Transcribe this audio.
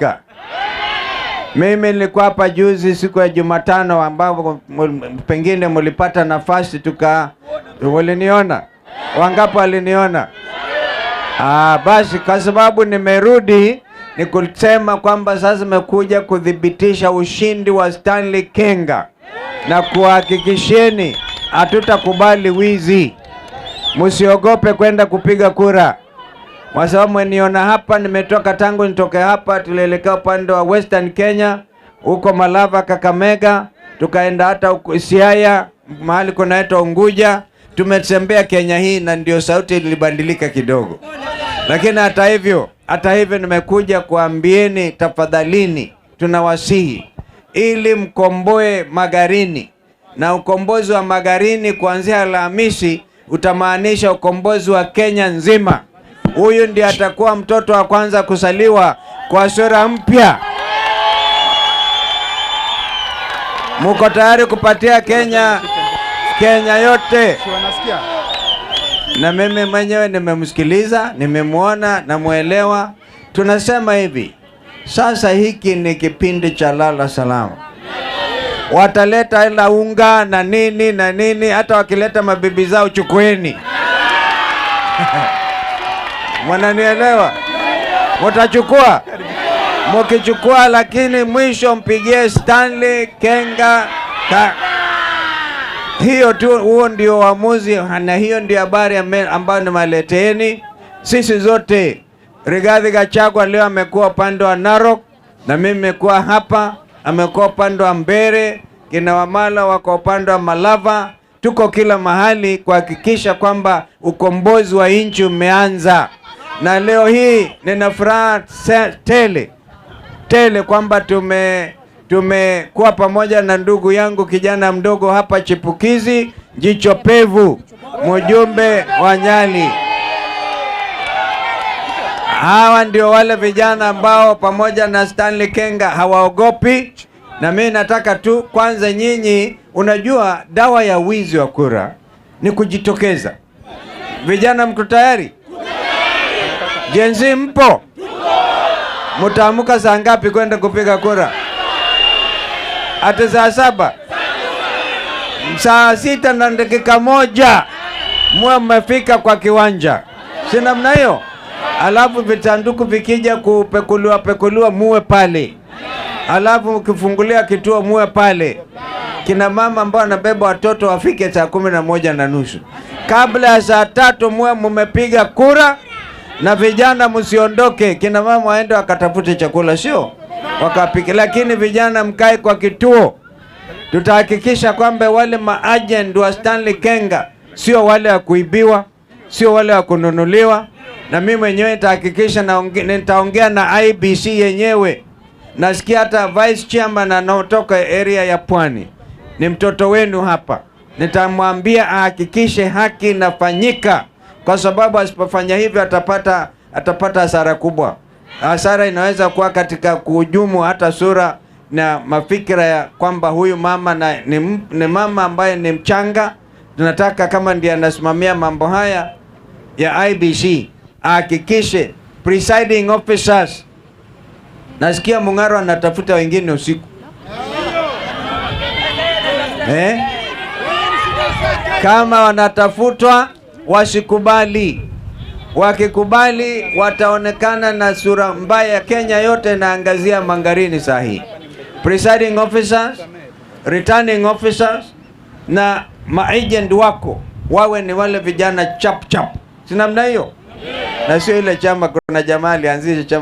Ka. Mimi nilikuwa hapa juzi siku ya Jumatano ambapo pengine mlipata nafasi tuka waliniona wangapi waliniona? Ah, basi kwa sababu nimerudi ni kusema kwamba sasa nimekuja kudhibitisha ushindi wa Stanley Kenga na kuhakikisheni hatutakubali wizi. Msiogope kwenda kupiga kura kwa sababu niona hapa, nimetoka tangu nitoke hapa, tulielekea upande wa Western Kenya huko Malava, Kakamega, tukaenda hata Siaya, mahali kunaitwa Unguja. Tumetembea Kenya hii, na ndio sauti ilibadilika kidogo, lakini hata hivyo, hata hivyo nimekuja kuambieni, tafadhalini, tunawasihi ili mkomboe Magarini, na ukombozi wa Magarini kuanzia Alhamisi utamaanisha ukombozi wa Kenya nzima huyu ndiye atakuwa mtoto wa kwanza kusaliwa kwa sura mpya. Muko tayari kupatia Kenya Kenya yote? Na mimi mwenyewe nimemsikiliza, nimemwona, namwelewa. Tunasema hivi sasa, hiki ni kipindi cha lala salama. Wataleta ila unga na nini na nini, hata wakileta mabibi zao chukueni Mwananielewa? Mutachukua, mukichukua, lakini mwisho mpigie Stanley Kenga ka. Hiyo tu, huo ndio uamuzi, na hiyo ndio habari ambayo nimaleteeni sisi zote. Rigathi Gachagua leo amekuwa upande wa Narok na mimi nimekuwa hapa, amekuwa upande wa Mbere, kina Wamala wako upande wa Malava. Tuko kila mahali kuhakikisha kwamba ukombozi wa nchi umeanza na leo hii nina furaha tele tele kwamba tume tumekuwa pamoja na ndugu yangu kijana mdogo hapa chipukizi, jicho pevu, mjumbe wa Nyali. Hawa ndio wale vijana ambao pamoja na Stanley Kenga hawaogopi, na mimi nataka tu kwanza, nyinyi, unajua dawa ya wizi wa kura ni kujitokeza. Vijana, mko tayari? Jenzi mpo? Mutaamka saa ngapi kwenda kupiga kura? Ati saa saba? Saa sita na dakika moja muwe mmefika kwa kiwanja, si namna hiyo? Alafu vitanduku vikija kupekuliwa pekuliwa, muwe pale. Alafu ukifungulia kituo muwe pale. Kina mama ambao wanabeba watoto wafike saa kumi na moja na nusu kabla ya saa tatu muwe mumepiga kura na vijana msiondoke, kina mama waende wakatafute chakula, sio wakapike, lakini vijana mkae kwa kituo. Tutahakikisha kwamba wale maagent wa Stanley Kenga sio wale wa kuibiwa, sio wale wa kununuliwa, na mimi mwenyewe nitahakikisha na nitaongea na IBC yenyewe. Nasikia hata vice chairman anaotoka area ya Pwani ni mtoto wenu hapa, nitamwambia ahakikishe haki inafanyika kwa sababu asipofanya hivyo atapata atapata hasara kubwa. Hasara inaweza kuwa katika kuhujumu hata sura na mafikira ya kwamba huyu mama na, ni, ni mama ambaye ni mchanga. Tunataka kama ndiye anasimamia mambo haya ya IBC ahakikishe presiding officers. Nasikia Mung'aro anatafuta wengine usiku eh? kama wanatafutwa wasikubali. Wakikubali wataonekana na sura mbaya. Kenya yote inaangazia mangarini sahi. Presiding officers, returning officers na maagent wako wawe ni wale vijana chap chap, si namna hiyo, na sio ile chama. Kuna jamaa alianzisha chama